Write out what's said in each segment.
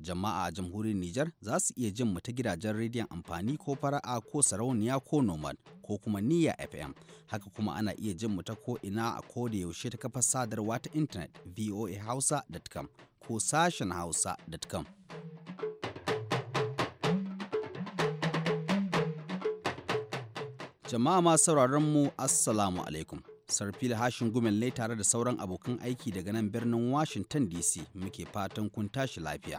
Jama'a a jamhuriyar Nijar za su iya jin mu ta gidajen rediyon amfani ko fara'a ko sarauniya ko nomad ko kuma niyya FM. Haka kuma ana iya jin mu ta ko ina a ko da yaushe ta kafar sadarwa ta intanet voahausa.com ko sashen hausa.com. Jama'a ma sauraron mu Assalamu alaikum. sarfila hashin gumel ne tare da sauran abokan aiki daga nan birnin washington dc muke fatan kun tashi lafiya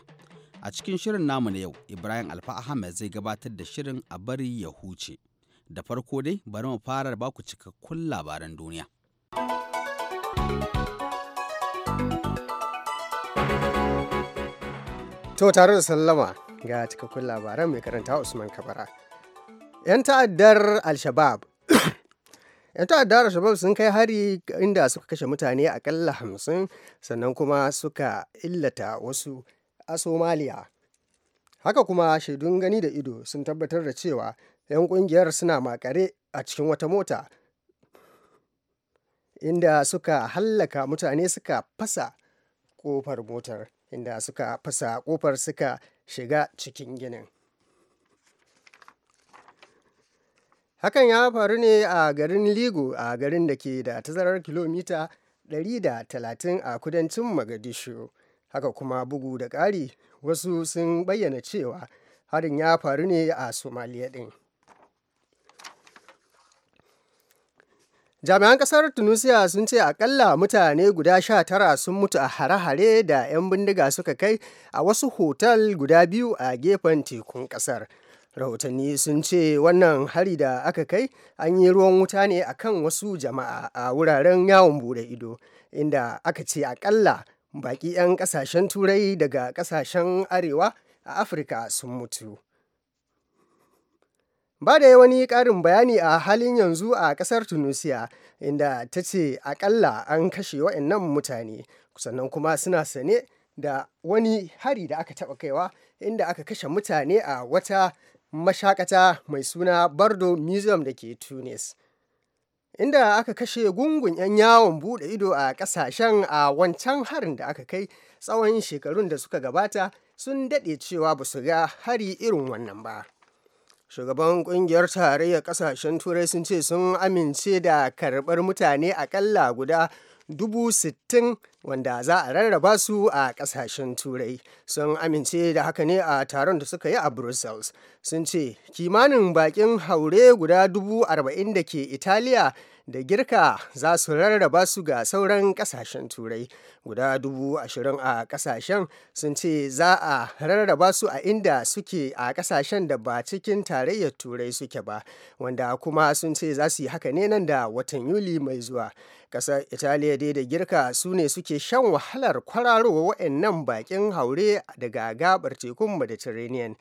a cikin shirin namu na yau ibrahim alfa ahmed zai gabatar da shirin a bari ya huce da farko dai bari mu fara ba ku cikakkun labaran duniya to tare da sallama ga cikakkun labaran mai karanta usman kabara 'yan ta'addar al-shabab 'yan ta'addar shabab sun kai hari inda suka kashe mutane akalla hamsin sannan kuma suka illata wasu a somaliya haka kuma shaidun gani da ido sun tabbatar da cewa 'yan kungiyar suna makare a cikin wata mota inda suka hallaka mutane suka fasa kofar motar inda suka fasa kofar suka shiga cikin ginin Hakan ya faru ne a garin Lego a garin da ke da tazarar kilomita 130 a kudancin Mogadishu. Haka kuma bugu da ƙari wasu sun bayyana cewa harin ya faru ne a somaliya ɗin. Jami'an ƙasar Tunisia sun ce akalla mutane guda sha tara sun mutu a hare-hare da 'yan bindiga suka kai a wasu hotel guda biyu a gefen tekun ƙasar. rahotanni sun ce wannan hari da aka kai an yi ruwan wuta ne a kan wasu jama'a a wuraren yawon bude ido inda aka ce akalla baƙi 'yan ƙasashen turai daga ƙasashen arewa a afirka sun mutu ba da wani ƙarin bayani a halin yanzu a ƙasar tunisia inda ta ce akalla an kashe wa'annan mutane sannan kuma suna sane da wani hari da aka taɓa kaiwa inda aka kashe mutane a wata mashakata mai suna bardo museum da ke tunis inda aka kashe gungun 'yan yawon bude ido a kasashen a wancan harin da aka kai tsawon shekarun da suka gabata sun daɗe cewa ba su ga hari irin wannan ba shugaban kungiyar tarayyar kasashen turai sun ce sun amince da karɓar mutane akalla guda dubu sittin wanda za a rarraba su a kasashen turai sun amince da haka ne a taron da suka yi a brussels sun ce kimanin bakin haure guda dubu arba'in da ke italiya da girka za su rarraba su ga sauran kasashen turai guda dubu ashirin a kasashen sun ce za a rarraba su a inda suke a kasashen da ba cikin tarayyar turai suke ba wanda kuma sun ce za su yi haka ne nan da watan yuli mai zuwa kasar italiya dai da girka su ne suke shan wahalar kwararowa waɗannan bakin haure daga gabar tekun mediterranean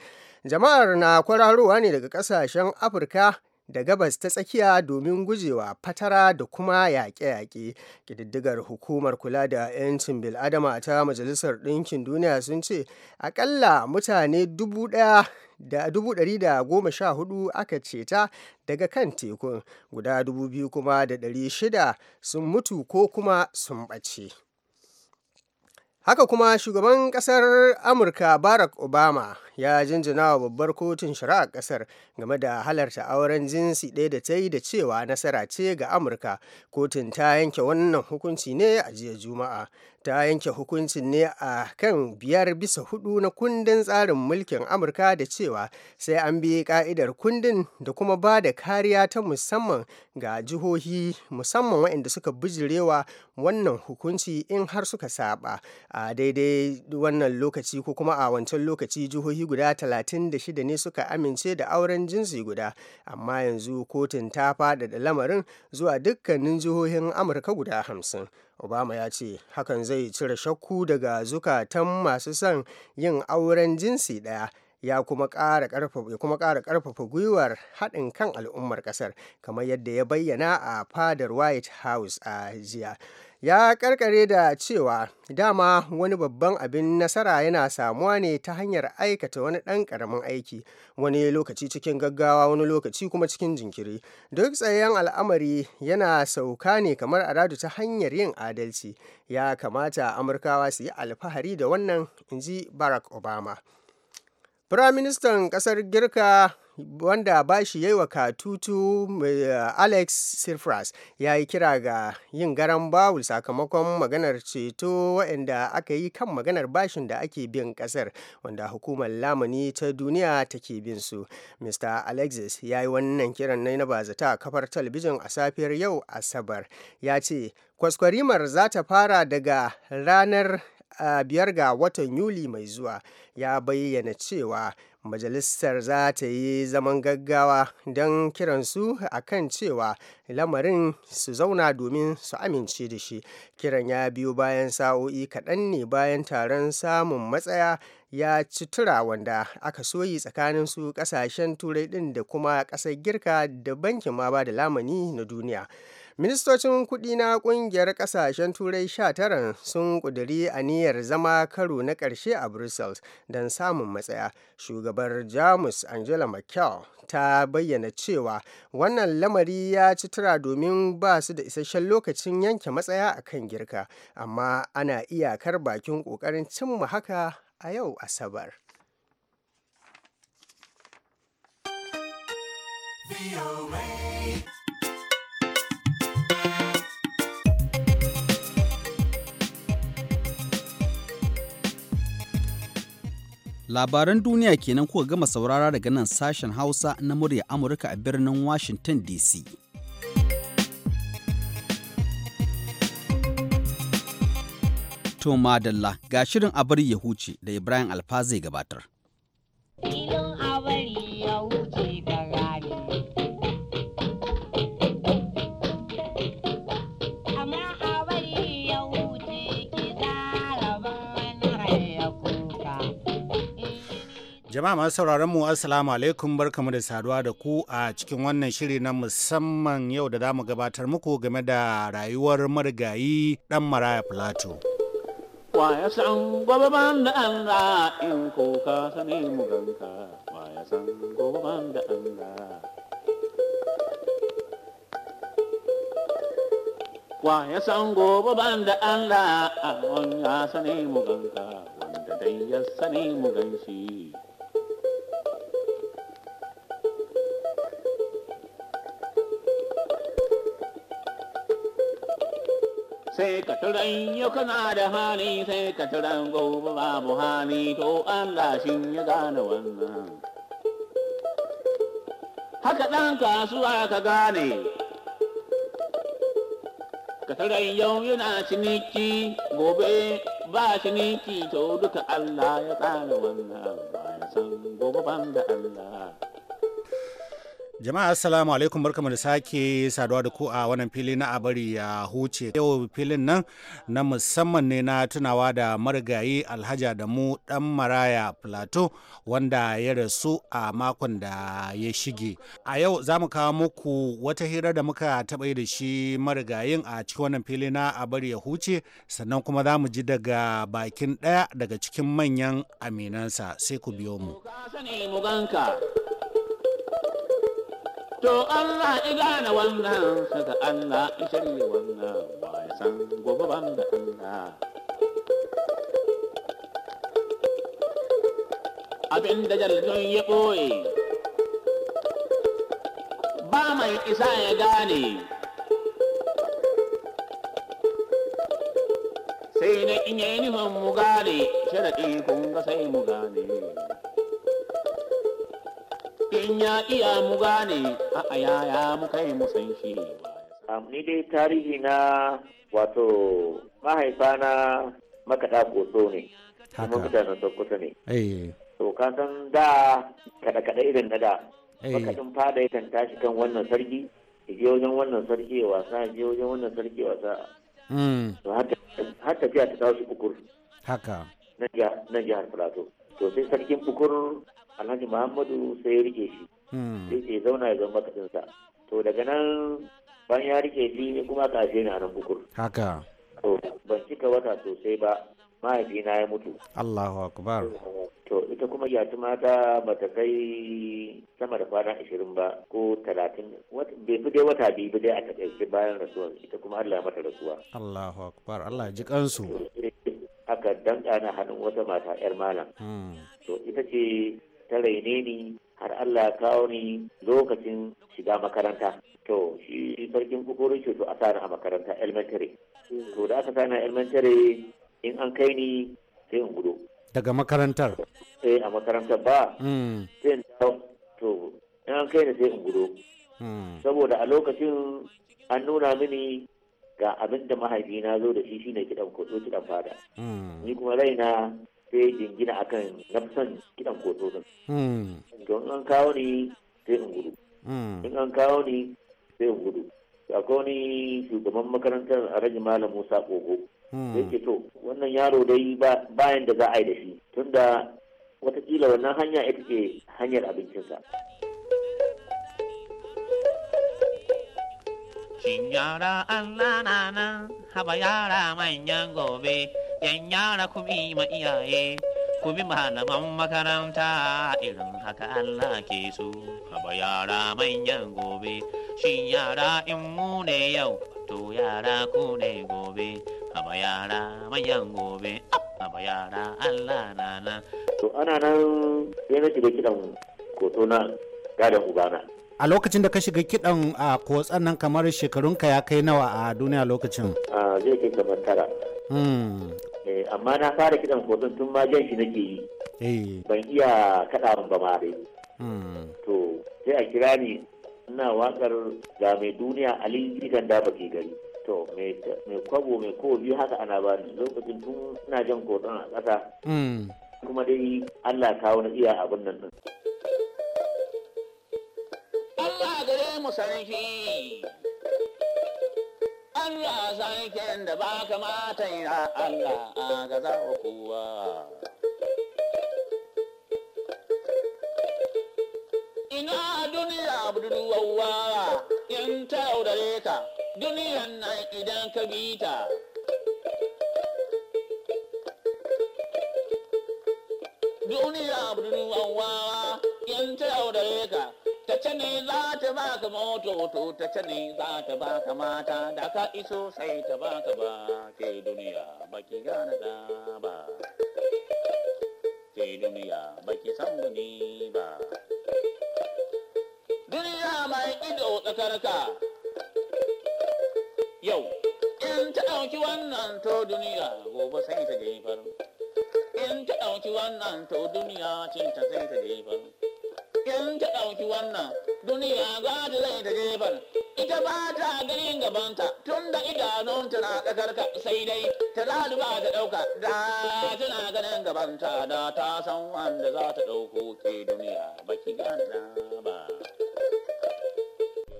jama'ar na kwararowa ne daga ƙasashen afirka da Gabas ta Tsakiya domin gujewa fatara da kuma yaƙe-yaƙe. Ƙididdigar Hukumar Kula da 'Yancin Bil'adama ta Majalisar Ɗinkin Duniya sun ce akalla mutane dubu ɗaya da dubu ɗari da goma sha hudu aka ceta daga kan tekun guda dubu biyu kuma da ɗari shida sun mutu ko kuma sun ɓace. Haka kuma shugaban ƙasar Amurka Barack Obama ya jinjina wa babbar kotun shari'a kasar game da halarta auren jinsi ɗaya da ta yi da cewa nasara ce ga amurka kotun ta yanke wannan hukunci ne a jiya juma'a ta yanke hukuncin ne a kan biyar bisa hudu na kundin tsarin mulkin amurka da cewa sai an bi ka'idar kundin da kuma ba da kariya ta musamman ga jihohi musamman waɗanda suka bijirewa wannan hukunci in har suka saba a daidai wannan lokaci ko kuma a wancan lokaci jihohi guda 36 ne suka amince da auren jinsi guda amma yanzu kotun ta faɗaɗa lamarin zuwa dukkanin jihohin amurka guda 50 obama ya ce hakan zai cire shakku daga zukatan masu son yin auren jinsi ɗaya ya kuma ƙara ƙarfafa gwiwar haɗin kan al'ummar ƙasar kamar yadda ya bayyana a fadar white house a jiya ya karkare da cewa dama wani babban abin nasara yana samuwa ne ta hanyar aikata wani ɗan ƙaramin aiki wani lokaci cikin gaggawa wani lokaci kuma cikin jinkiri duk tsayen al'amari yana sauka ne kamar aradu ta hanyar yin adalci ya kamata amurkawa su yi alfahari da wannan in ji barack obama Firaministan ƙasar Girka wanda ba shi yi wa katutu eh, alex sirfras ya yi kira ga yin garan bawul sakamakon maganar ceto waɗanda aka yi kan maganar bashin da ake bin ƙasar wanda hukumar lamuni ta duniya take bin su mr alexis ya yi wannan kiran na bazata a kafar talabijin a safiyar yau asabar ya ce kwaskwarimar za ta fara daga ranar ah, biyar ga watan yuli mai zuwa ya bayyana cewa majalisar za ta yi zaman gaggawa don kiransu a kan cewa lamarin su zauna domin su amince da shi kiran ya biyo bayan sa'o'i kaɗan ne bayan taron samun matsaya ya ci tura wanda aka soyi tsakanin su ƙasashen turai ɗin da kuma ƙasar girka da bankin ma ba da lamani na duniya Ministocin kuɗi na ƙungiyar ƙasashen Turai 19 sun ƙudiri niyyar zama karo na ƙarshe a Brussels don samun matsaya. Shugabar Jamus Angela Merkel ta bayyana cewa wannan lamari ya ci tura domin ba su da isasshen lokacin yanke matsaya a kan girka, amma ana iyakar bakin ƙoƙarin cimma haka a yau Asabar. Labaran duniya kenan kuka gama saurara daga nan sashen Hausa na murya Amurka a birnin Washington DC. To madalla ga shirin a bari ya huce da Ibrahim Alfa zai gabatar. Jama'a masu sauraron mu assalamu alaikum barkamu da saduwa da ku a cikin wannan shiri na musamman yau da zamu gabatar muku game da rayuwar marigayi dan Maraya Plato. Wa ya san gobe ban da Allah in ko ka ya sani mu ganka wanda dai ya sani mu ganshi. sai ka turan yau kana da hali sai ka turan gobe babu hali to Allah shi ya gane wannan haka ɗan kasuwa ka gane ka yau yana ciniki gobe ba ciniki to duka Allah ya tsara wannan ba ya san gobe ban da Allah Jama'a assalamu alaikum barkamu da sake saduwa da ku a wannan fili na abari ya huce. Yau filin nan na musamman ne na tunawa da marigayi alhaja da mu dan Maraya Plateau wanda ya rasu a makon da ya shige. A yau za mu kawo muku wata hira da muka taɓa da shi marigayin a cikin wannan fili na abari ya huce sannan kuma za mu ji daga bakin ɗaya daga cikin manyan aminansa sai ku biyo mu. To Allah gane wannan saka Allah ya shirya wannan ba ya san gobe ban da Allah. Abin da jaldun ya ɓoye ba mai isa ya gane sai na inye nufin mu gane sharaɗi kun ga sai mu gane. in ya iya mu gane a yaya mu kai mu san shi ni dai tarihi na wato mahaifa na makaɗa koso ne kuma mutanen sokoto ne eh. to ka san da kaɗe-kaɗe irin na da eh. makaɗin fada yakan tashi kan wannan sarki je wajen wannan sarki ya wasa je wajen wannan sarki ya wasa hmm. to har tafiya ta tashi bukur haka na jihar plateau to sai sarkin bukur alhaji muhammadu sai ya rike shi hmm. sai ke zauna ya zama kasinsa to daga nan bayan ya rike shi ne kuma ka ashe ni a nan bukur haka to ban cika wata sosai ba mahaifina ya mutu allahu akbar to ita kuma ba ta kai sama da kwana ashirin ba ko talatin bai fi dai wata biyu dai a takaice bayan rasuwar ita kuma allah ya mata rasuwa allahu akbar allah ya ji kansu Haka dan na hannun wata mata yar malam hmm. to ita ce ta raine ni har Allah ya kawo ni lokacin shiga makaranta to shi sarkin kukurin to a sani a makaranta elementary to da aka sani elementary in an kai ni sai in gudu daga makarantar sai eh, a makarantar ba hmm. sai in to in an kai ni sai in gudu hmm. saboda a lokacin an nuna mini ga abin da mahaifina zo da shi shine kidan kudu kidan fada hmm. ni kuma raina sai jingina akan kan son kiɗan koto din don an kawo ni sai in gudu in an kawo ni sai in gudu hmm. akwai wani shugaban makarantar a rage malam musa kogo da hmm. ke to wannan yaro dai bayan da za a yi da shi tun tunda watakila wannan hanya ita ce hanyar abincinsa Shin yara Allah na nan, haba yara manyan gobe, yan yara ku bi ma iyaye ku bi malaman makaranta irin haka Allah ke so haba yara manyan gobe shin yara in mu ne yau to yara ku ne gobe haba yara manyan gobe haba yara Allah nana to ana nan sai na shiga kidan koto na gadan ubana a lokacin da ka shiga kidan a kotsan nan kamar shekarunka ya kai nawa a duniya lokacin a zai kai kamar tara hmm. Eh, amma na fara kiɗan hoton tun ma jan shi nake yi eh. ban iya kaɗa ba ma dai hmm. to sai a kira ni ina wakar ga mai duniya ali kan da baki gari to mai kwabo mai kowa biyu haka ana ba ni lokacin tun ina jan hoton a ƙasa hmm. kuma dai allah kawo na iya abin nan din Allah gare mu sanin Allah ken da ba kamata ya Allah a gaza kuwa. Ina duniya budurwawa in ta yaudare ka, duniyan nan idan ka bi ta. Duniya budurwawa in ta yaudare ka, ce ne za ta baka moto to ta ce ne za ta baka mata da ka iso sai ta baka ba ke duniya baki gane da ba ke duniya baki san gani ba duniya mai ido tsakarka yau in ta ɗauki wannan to duniya gobe sai ta jefar in ta ɗauki wannan to duniya cin ta sai ta jefar in ta ɗauki wannan duniya zata zai ta jefar ita ba ta ganin gabanta tun da idanunta na ƙasarka sai dai ta ba ta ɗauka da tana ganin gabanta da ta san wanda za ta ɗauko ke duniya ba ki gana ba.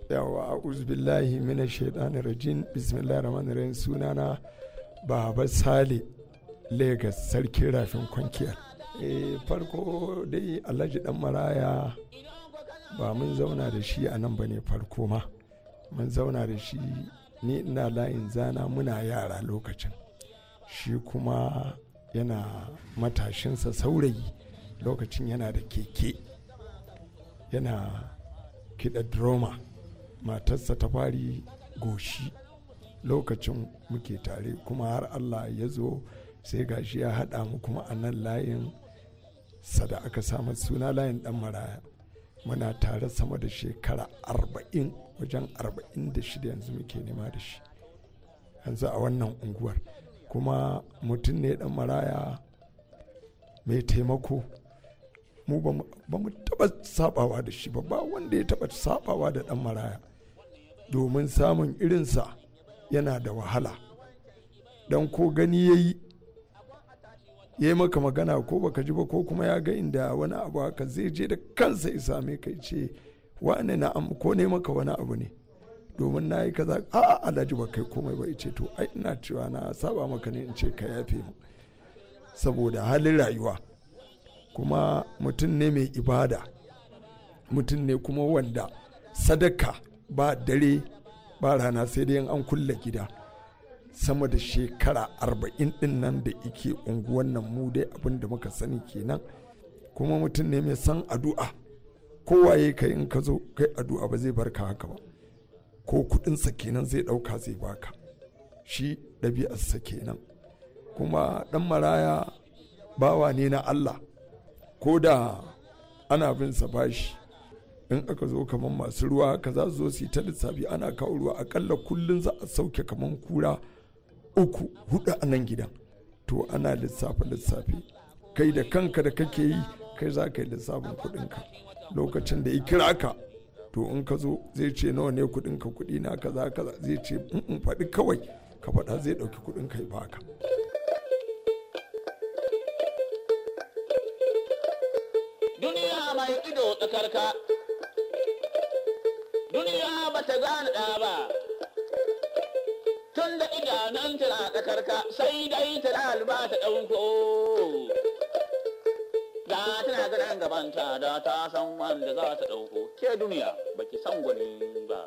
yawa a uzbillahi mina shaidanin rajin bismillah rahman rahim sunana baba sale lagos sarkin rafin kwankiyar Eh, farko dai alhaji dan maraya ba mun zauna da shi a nan ba ne farko ma mun zauna da shi ni ina layin zana muna yara lokacin shi kuma yana matashinsa saurayi lokacin yana da keke yana kiɗa droma matarsa ta fari goshi lokacin muke tare kuma har allah ya zo sai gashi ya haɗa mu kuma a nan layin sada aka samu suna layin dan maraya muna tare sama da shekara arba'in wajen arba'in da shida yanzu muke nema da shi yanzu a wannan unguwar kuma mutum ne dan maraya mai taimako mu ba mu taba sabawa da shi ba wanda ya taba sabawa da dan maraya domin samun irinsa yana da wahala dan ko gani yayi. ya yi maka magana ko baka ji ba ko kuma ya ga inda wani abu haka zai je da kansa ya same ka ce wani na am ko ne maka wani abu ne domin na yi kaza a alhaji ba kai komai ba ce to ai ina cewa na saba maka ne in ce ka yafe mu saboda halin rayuwa kuma mutum ne mai ibada mutum ne kuma wanda sadaka ba dare ba rana sai dai an kulle gida sama da shekara arba'in din nan da ike unguwan nan mu dai abin da muka sani kenan kuma mutum ne mai san addu'a kowaye ka in ka zo kai addu'a ba zai bar ka haka ba ko kudinsa kenan zai dauka zai baka shi ɗabi'arsa kenan kuma ɗan maraya bawa ne na Allah ko da ana bin sa bashi in aka zo kamar masu ruwa ka za su zo su yi ta lissafi ana kawo ruwa akalla kullum za a sauke kamar kura uku hudu a nan gidan to ana lissafi lissafi kai da kanka da kake yi kai za ka yi lissafin kuɗinka lokacin da ya kira ka to in ka zo zai ce nawa ne kuɗinka kuɗi na kaza kaza zai ce in faɗi kawai ka faɗa zai ɗauki kuɗinka ya baka. duniya mai ido tsakarka duniya ba ta gane ɗa ba tun da idanun tana tsakarka sai dai ta ba ta ɗauko da tana ganin gabanta da ta san wanda za ta ɗauko ke duniya baki san gwani ba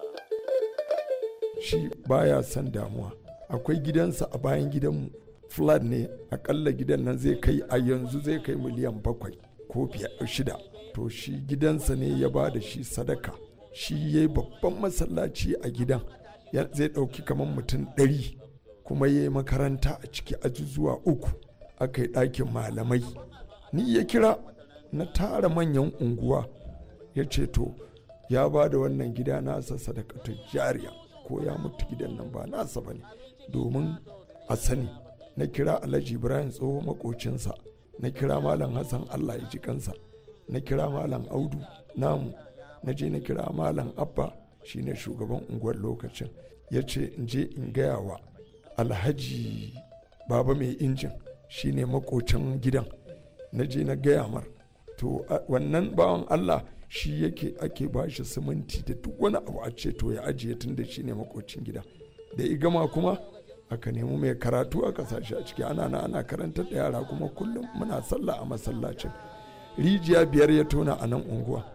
shi baya san damuwa akwai gidansa a bayan gidanmu flat ne akalla gidan nan zai kai a yanzu zai kai miliyan bakwai ko shida to shi gidansa ne ya ba da shi sadaka shi yayi babban masallaci a gidan zai ɗauki kamar mutum ɗari kuma ya yi makaranta a ciki ajuzuwa uku aka yi ɗakin malamai ni ya kira na tara manyan unguwa ya ce to ya ba da wannan gida nasa sadakatun jariya ko ya mutu gidan nan ba nasa ba ne domin a sani na kira alhaji ibrahim tsoho makocinsa na kira malam hassan allah ya ji kansa na kira malam audu namu na je na kira malam abba shine shugaban unguwar lokacin ya ce in je in gaya wa alhaji baba mai injin shine makocin gidan na je na gaya mar to wannan bawan allah shi yake ake ba shi siminti da duk wani abu a ce to ya ajiye tun da shine makocin gida da igama kuma aka nemi mai karatu a kasashe. a ciki ana na ana karantar da yara kuma kullum muna sallah a masallacin rijiya biyar ya tona a nan unguwa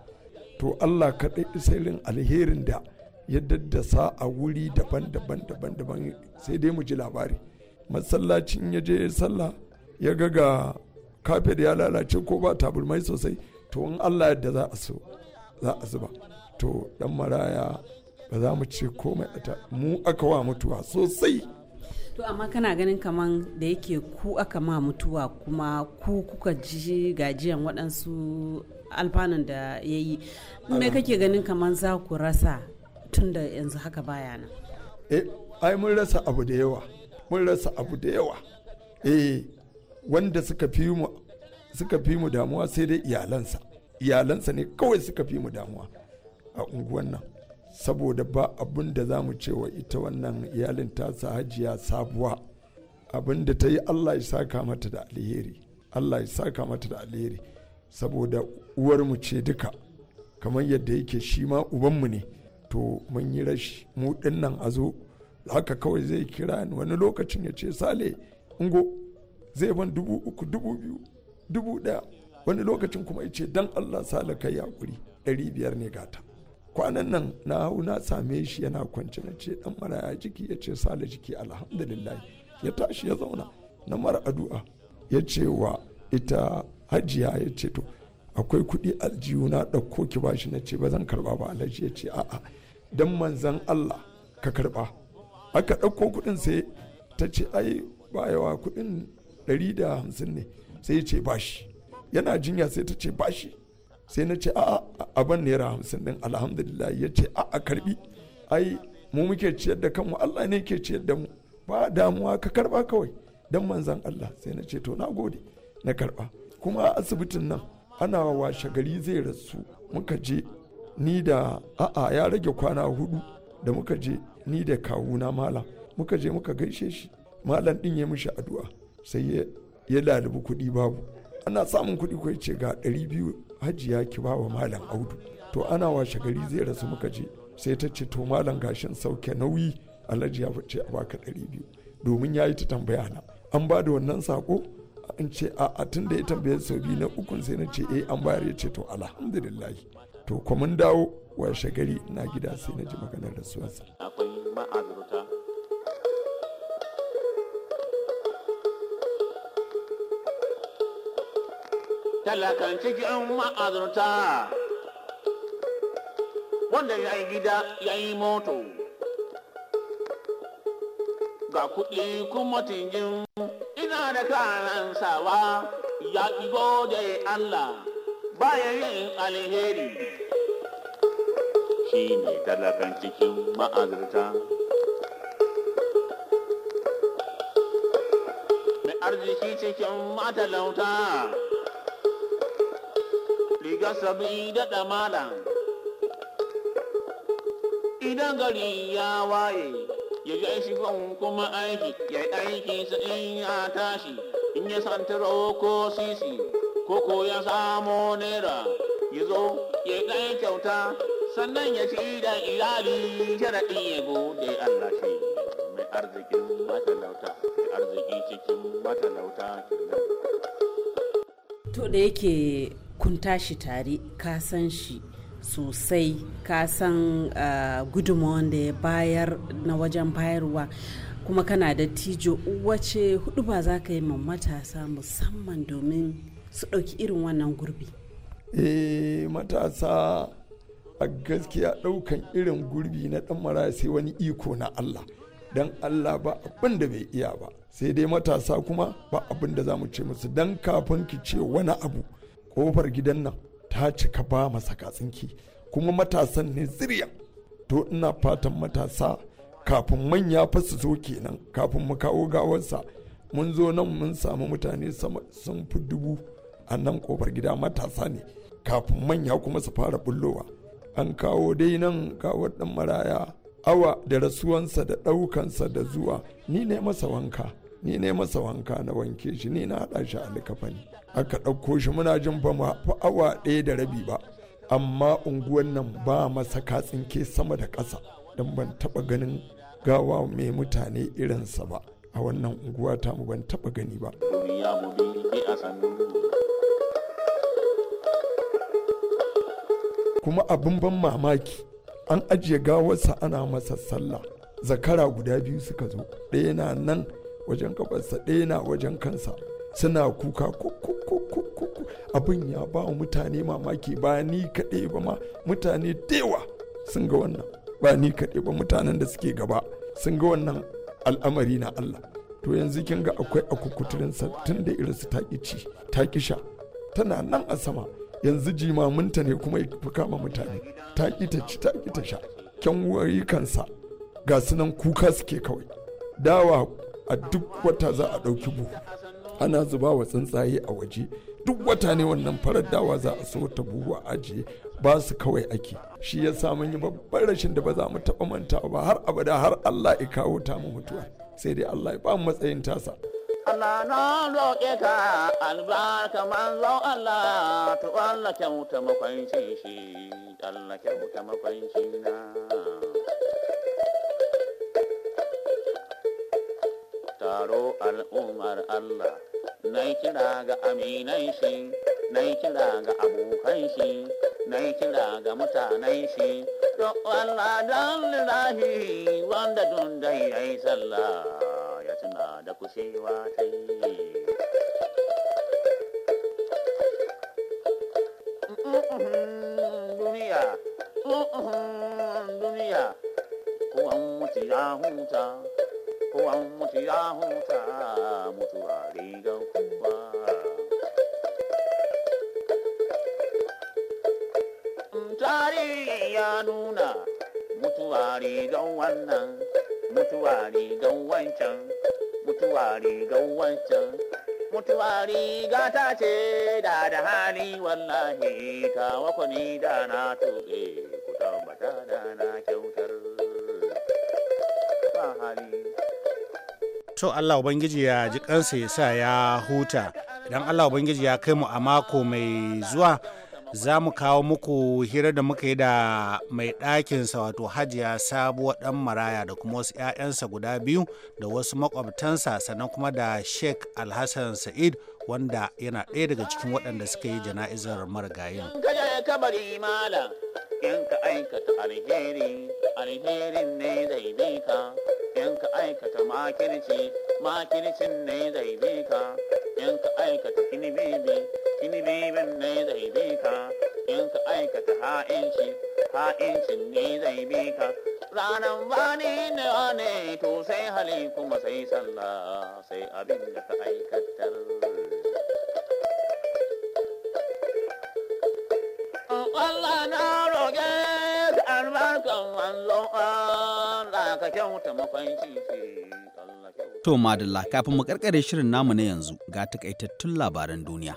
to Allah kaɗai isirin alherin da ya daddasa a wuri daban-daban daban-daban sai dai mu ji labari masallacin ya je sallah ya ga ga kafet ya lalace ko ba taburmai sosai to in Allah yadda za a so za a zuba to dan maraya ba za mu ce komai a mu aka wa mutuwa sosai to amma kana ganin kamar da yake ku aka ma mutuwa kuma ku kuka ji gajiyan waɗansu alfanun da ya yi me kake ganin kamar za ku rasa tun da yanzu haka baya nan eh ai mun rasa abu da yawa mun rasa abu da yawa eh wanda suka fi mu suka fi mu damuwa sai dai iyalansa iyalansa ne kawai suka fi mu damuwa a unguwan nan saboda ba abin da za mu cewa ita wannan iyalin tasa hajiya sabuwa abin da ta yi allah ya saka mata da alheri allah ya saka mata da alheri saboda uwarmu ce duka kamar yadda yake shi ma ubanmu ne to mun yi rashi mu nan a zo haka kawai zai kira ni wani lokacin ya ce sale ungo zai ban dubu uku dubu biyu dubu daya wani lokacin kuma ya ce dan allah sale kai hakuri ɗari biyar ne gata kwanan nan na hau na same shi yana kwance na ce dan ya jiki ya ce sale jiki alhamdulillah ya tashi ya zauna na mara addu'a ya ce wa ita hajiya ya ce to akwai kuɗi aljihu na ɗauko ki bashi na ce ba zan karɓa ba alhaji ya ce a'a dan manzan Allah ka karba aka ɗauko kuɗin sai ta ce ai ba yawa kuɗin ɗari da hamsin ne sai ya ce bashi yana jinya sai ta ce bashi sai na ce a'a aban naira hamsin ɗin alhamdulillah ya ce a'a karɓi ai mu muke ciyar da kanmu Allah ne ke ciyar da mu ba damuwa ka karba kawai dan manzan Allah sai na ce to na gode na karɓa kuma a asibitin nan ana washe gari zai rasu muka je ni da a'a ya rage kwana hudu da muka je ni da kawuna malam muka je muka gaishe shi malam din ya mishi addu'a sai ya lalibi kuɗi babu ana samun kuɗi kwaice ce ga ɗari biyu hajiya ki ba wa malam audu to ana washe gari zai rasu muka je sai ta ce to malam gashin sauke nauyi alhaji ya fice a baka ɗari biyu domin ya yi ta tambaya na an ba da wannan sako in ce a tun da ya tambaye sau biyu na ukun sai na ce eh an bayar ya ce to alhamdulillah to kuma mun dawo washe gari na gida sai na ji maganar rasuwarsa akwai ma'azurta talakan cikin ma'azurta wanda ya yi gida ya yi moto ga kuɗi kuma tingin yana da kansawa ya ki gode Allah bayan yin alheri shi ne talakan cikin ma'azarta mai arziki cikin matalauta riga sabi da damala idan gari ya waye ya ji shi kuma aiki ya yi aiki su in ya tashi in ya santa ko sisi ko ya samo naira ya zo ya yi kyauta sannan ya ci da iyali sharaɗi ya da Allah shi mai arzikin matalauta arziki cikin matalauta to da yake kun tashi tare ka san shi sosai ka san ah, gudunmawan da ya bayar na wajen bayarwa kuma kana da tijo wace hudu ba za ka yi ma matasa musamman domin su ɗauki irin wannan gurbi eh matasa a gaskiya ɗaukan irin gurbi na ɗan mara sai wani iko na Allah don Allah ba abin da bai iya ba sai dai matasa kuma ba abin da za mu ce musu don kafin ki ce wani abu kofar gidan nan ta cika ba masa katsinki kuma matasan ne zirya to ina fatan matasa kafin manya fa su zo kenan kafin mu kawo gawarsa mun zo nan mun samu mutane sun fi dubu a nan kofar gida matasa ne kafin manya kuma su fara bullowa an kawo dai nan kawar dan maraya awa da rasuwansa da ɗaukansa da zuwa ni ne masa wanka ni ne masa wanka na wanke shi ni na haɗa shi a likafani aka ɗauko shi muna jin ba ma fa awa ɗaya da rabi ba amma unguwan nan ba masa katsinke sama da ƙasa don ban taɓa ganin gawa mai mutane irinsa ba a wannan unguwa ta mu ban taɓa gani ba kuma abin ban mamaki an ajiye gawarsa ana masa sallah zakara guda biyu suka zo ɗaya na nan wajen gabansa ɗaya na wajen kansa suna kuka kukukukuku abin ya ba mutane mamaki ba ni kaɗai ba ma mutane dewa sun ga wannan ba ni kaɗai ba mutanen da suke gaba sun ga wannan al'amari na Allah to yanzu kin ga akwai akukuturin tun da irin su taƙi takisha tana nan a sama yanzu jimaminta ne kuma fi kama mutane taƙi ta ci taƙi ta sha kyan kansa ga sunan kuka suke kawai dawa a duk wata za a ɗauki buhu ana zuba wa tsuntsaye a waje duk wata ne wannan farar dawa za a so ta buhu a ajiye ba su kawai ake shi ya samu yi babban rashin da ba za mu taɓa manta ba har abada har Allah ya kawo ta mu mutuwa sai dai Allah ya ba mu matsayin tasa Allah na roƙe ka albarka manzo Allah to Allah kyauta makwancin shi Allah kyauta makwancin na taro al'ummar Allah na kira ga aminai shi na kira ga abokan shi na kira ga mutanen shi don Allah don lillahi wanda dun da sallah ya tuna da kushewa ta yi duniya duniya kowan mutu ya huta wan mutu ya huta mutuwa rigar kowa tarihi ya nuna mutuwa rigar wannan mutuwa rigar wancan mutuwa rigar wancan mutuwa riga ta ce da da hali wallahi kawo ni da na tuzo to Allah Ubangiji ya ji kansa ya sa ya huta idan Allah Ubangiji ya kai mu a mako mai zuwa za mu kawo muku hira da muka yi da mai ɗakinsa wato hajiya sabuwa ɗan maraya da kuma wasu 'ya'yansa guda biyu da wasu makwabtansa sannan kuma da sheik alhassan sa'id wanda yana ɗaya daga cikin waɗanda suka yi jana'izar marigayin ka aikata ne zai in ka aikata makirci makircin ne zai bi ka in ka aikata kinibibi kinibibin ne zai bi ka in ka aikata ha'inci ha'incin ne zai bi ka ranar wani ne ne to sai hali kuma sai sallah sai abin da ka aikatar Allah na roƙe albarkan wallo To Madalla kafin mu karkare shirin namu na yanzu ga takaitattun labaran duniya.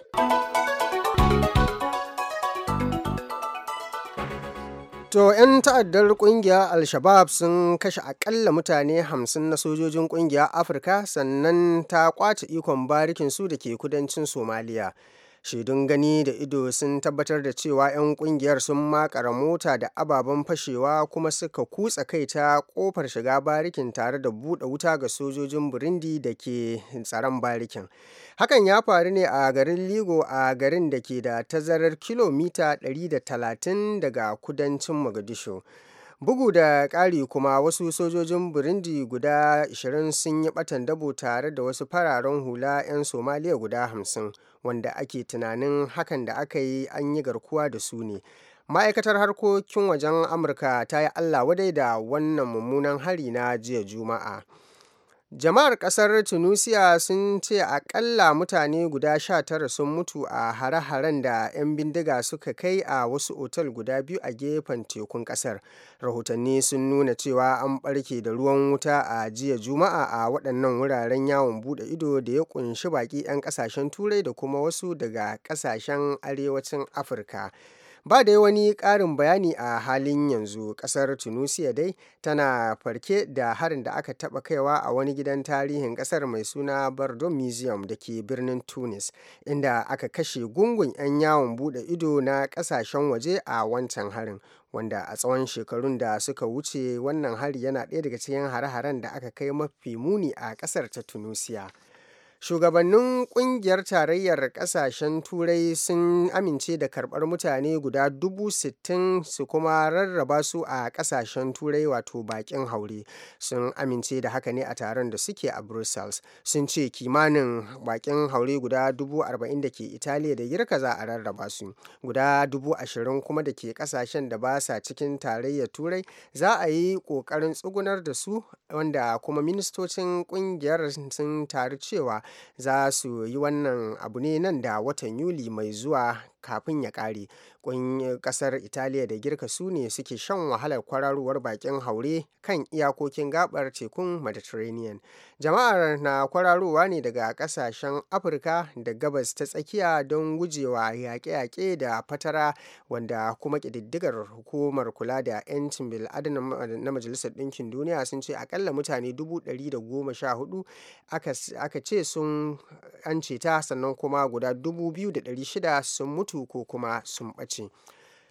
To 'yan ta'addar kungiya Al-Shabaab sun kashe akalla mutane hamsin na sojojin kungiya Afirka sannan ta kwace ikon barikin su da ke kudancin Somaliya. shaidun gani da ido sun tabbatar da cewa 'yan kungiyar sun makara mota da ababen fashewa kuma suka kutsa kai ta kofar shiga barikin tare da buɗe wuta ga sojojin burundi da ke tsaron barikin hakan ya faru ne a garin ligo a garin da ke da tazarar kilomita 130 daga kudancin mogadishu bugu da ƙari kuma wasu sojojin burundi guda 20 sun yi batan dabo tare da wasu fararen hula 'yan somaliya guda 50 wanda ake tunanin hakan da aka yi an yi garkuwa da su ne ma'aikatar harkokin wajen amurka ta yi allah wadai da wannan mummunan hari na jiya juma'a Jama'ar kasar tunisia sun ce akalla mutane guda 19 sun mutu a hare-haren da 'yan bindiga suka kai a wasu otal guda biyu a gefen tekun kasar Rahotanni sun nuna cewa an barke da ruwan wuta a jiya Juma'a a waɗannan wuraren yawon bude ido da ya kunshi baƙi 'yan kasashen Turai da kuma wasu daga kasashen Arewacin Afirka. ba dai wani ƙarin bayani a halin yanzu ƙasar tunisia dai tana farke da harin da aka taɓa kaiwa a wani gidan tarihin ƙasar mai suna bardo museum da ke birnin tunis inda aka kashe gungun 'yan yawon buɗe ido na ƙasashen waje a wancan harin wanda a tsawon shekarun da suka wuce wannan hari yana ɗaya daga cikin hare-haren da aka kai mafi muni a ƙasar ta tunisia Shugabannin kungiyar Tarayyar kasashen Turai sun amince da karɓar mutane guda dubu sittin su kuma rarraba su a ƙasashen Turai wato baƙin haure. Sun amince da haka ne a taron da suke a Brussels. Sun ce kimanin baƙin haure guda dubu arba'in da ke Italiya da Girka za a rarraba su. Guda dubu ashirin kuma da ke ƙasashen da ba sa cikin tarayyar Turai za a yi ƙoƙarin tsugunar da su wanda kuma ministocin kungiyar sun taru cewa za su yi wannan abu ne nan da watan yuli mai zuwa kafin ya ƙare kasar italiya da girka su ne suke shan wahalar kwararowar bakin haure kan iyakokin gabar tekun mediterranean jama'ar na kwararowa ne daga kasashen afirka da gabas ta tsakiya don gujewa yaƙe-yaƙe da fatara wanda kuma ƙididdigar hukumar kula da 'yancin bil'adama na majalisar ɗinkin duniya sun ce akalla mutane hudu aka ce sun an sannan kuma guda 2,600 sun mutu mutu ko kuma sun ɓace.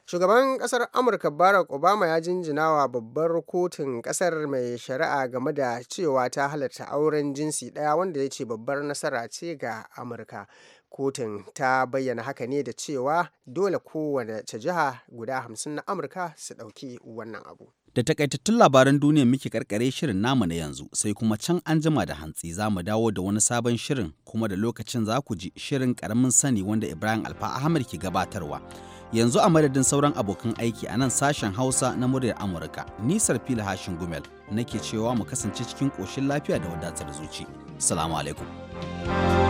Shugaban ƙasar Amurka Barack Obama ya jinjinawa babbar kotun ƙasar mai shari'a game da cewa ta halatta auren jinsi ɗaya wanda ya ce babbar nasara ce ga Amurka. Kotun ta bayyana haka ne da cewa dole kowane jiha guda hamsin na Amurka su ɗauki wannan abu. Da takaitattun labaran duniya muke karkare shirin namu na yanzu sai kuma can an jima da hantsi za mu dawo da wani sabon shirin kuma da lokacin za ku ji shirin karamin sani wanda Ibrahim Alfa Ahmad ke gabatarwa. Yanzu a madadin sauran abokan aiki a nan sashen Hausa na muryar Amurka, nisar fila hashin gumel nake cewa mu kasance cikin koshin lafiya da wadatar zuci. Salamu alaikum.